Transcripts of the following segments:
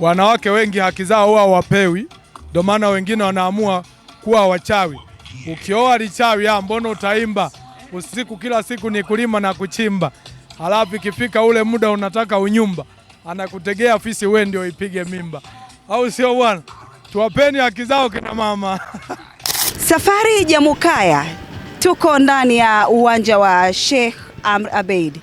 wanawake wengi haki zao huwa wapewi ndio maana wengine wanaamua kuwa wachawi. Ukioa lichawi, ah, mbona utaimba usiku kila siku ni kulima na kuchimba, halafu ikifika ule muda unataka unyumba, anakutegea fisi, wewe ndio ipige mimba, au sio bwana? Tuwapeni haki zao kina mama. Safari jamukaya tuko ndani ya uwanja wa Sheikh Amr Abeid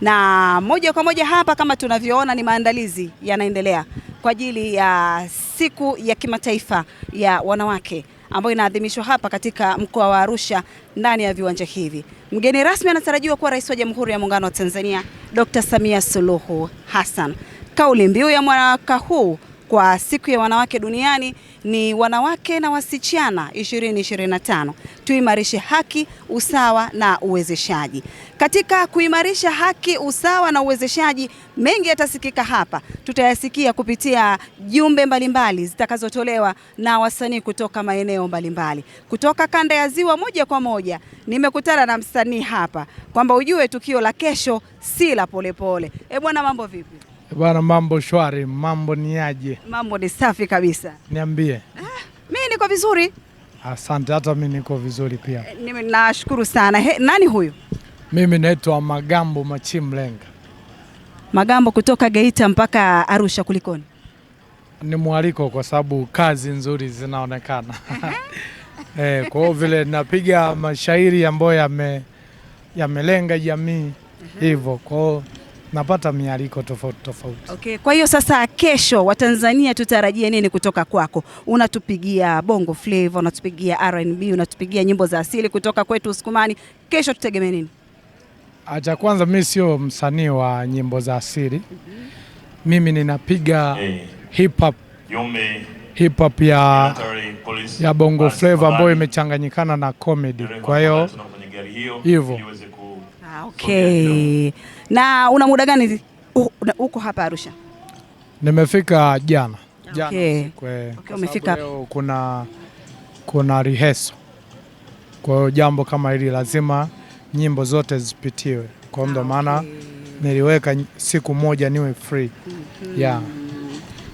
na moja kwa moja hapa kama tunavyoona ni maandalizi yanaendelea kwa ajili ya siku ya kimataifa ya wanawake ambayo inaadhimishwa hapa katika mkoa wa Arusha ndani ya viwanja hivi. Mgeni rasmi anatarajiwa kuwa Rais wa Jamhuri ya Muungano wa Tanzania Dr. Samia Suluhu Hassan. Kauli mbiu ya mwaka huu kwa siku ya wanawake duniani ni wanawake na wasichana 2025, tuimarishe haki, usawa na uwezeshaji. Katika kuimarisha haki, usawa na uwezeshaji, mengi yatasikika hapa, tutayasikia kupitia jumbe mbalimbali zitakazotolewa na wasanii kutoka maeneo mbalimbali kutoka kanda ya Ziwa. Moja kwa moja nimekutana na msanii hapa, kwamba ujue tukio la kesho si la polepole. E bwana, mambo vipi? Bwana, mambo shwari, mambo ni aje? Mambo ni safi kabisa. Niambie. Ah, mimi niko vizuri. Asante, hata mimi niko vizuri pia. E, nashukuru sana. He, nani huyu? Mimi naitwa Magambo Machimlenga. Magambo, kutoka Geita mpaka Arusha, kulikoni? Ni mwaliko kwa sababu kazi nzuri zinaonekana. Eh, kwa hiyo vile napiga mashairi ambayo yamelenga jamii mhm. hivyo, kwa hiyo napata mialiko tofauti tofauti. Okay, kwa hiyo sasa kesho Watanzania tutarajie nini kutoka kwako? Unatupigia bongo flava, unatupigia R&B, unatupigia nyimbo za asili kutoka kwetu Usukumani. Kesho tutegemee nini? Acha ah, kwanza, mimi sio msanii wa nyimbo za asili mm -hmm. Mimi ninapiga hip hop hip hop ya, ya bongo flava ambayo imechanganyikana na comedy, kwa hiyo hivyo. Ah, okay na una muda gani huko hapa Arusha? Nimefika jana. Ah, jana eh, okay. Okay, umefika kuna, kuna rehearsal. Kwa hiyo jambo kama hili lazima nyimbo zote zipitiwe kwa ndo ah, maana okay. Niliweka siku moja niwe free mm -hmm. yeah.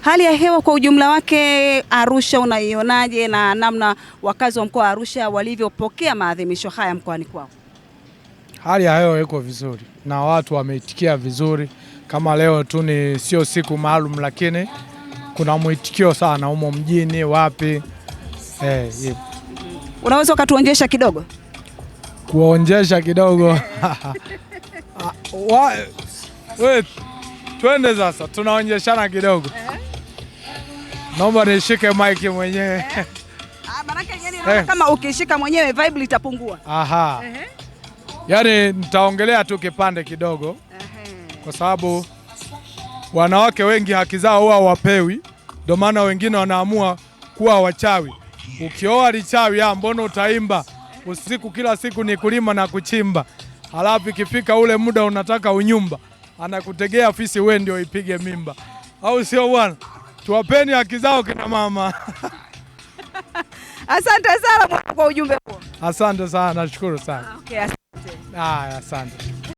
Hali ya hewa kwa ujumla wake Arusha unaionaje, na namna wakazi wa mkoa wa Arusha walivyopokea maadhimisho haya mkoani kwao? hali ya hewa iko vizuri na watu wameitikia vizuri. Kama leo tu ni sio siku maalum, lakini kuna mwitikio sana humo mjini wapi. Eh, yeah. Unaweza ukatuonjesha kidogo? Kuonjesha kidogo ah, wa, wait, twende sasa, tunaonyeshana kidogo. Eh? Naomba nishike mik mwenyewe. Eh? Ah, kama ukishika mwenyewe vibe litapungua. Aha. Yaani nitaongelea tu kipande kidogo kwa sababu wanawake wengi haki zao huwa wapewi, ndio maana wengine wanaamua kuwa wachawi. Ukioa lichawi, ah, mbona utaimba usiku kila siku ni kulima na kuchimba, halafu ikifika ule muda unataka unyumba, anakutegea fisi, wewe ndio ipige mimba, au sio bwana? Tuwapeni haki zao kina mama. Asante sana kwa ujumbe huo. Asante sana, nashukuru sana. Ah, okay, asante. Haya, ah, asante.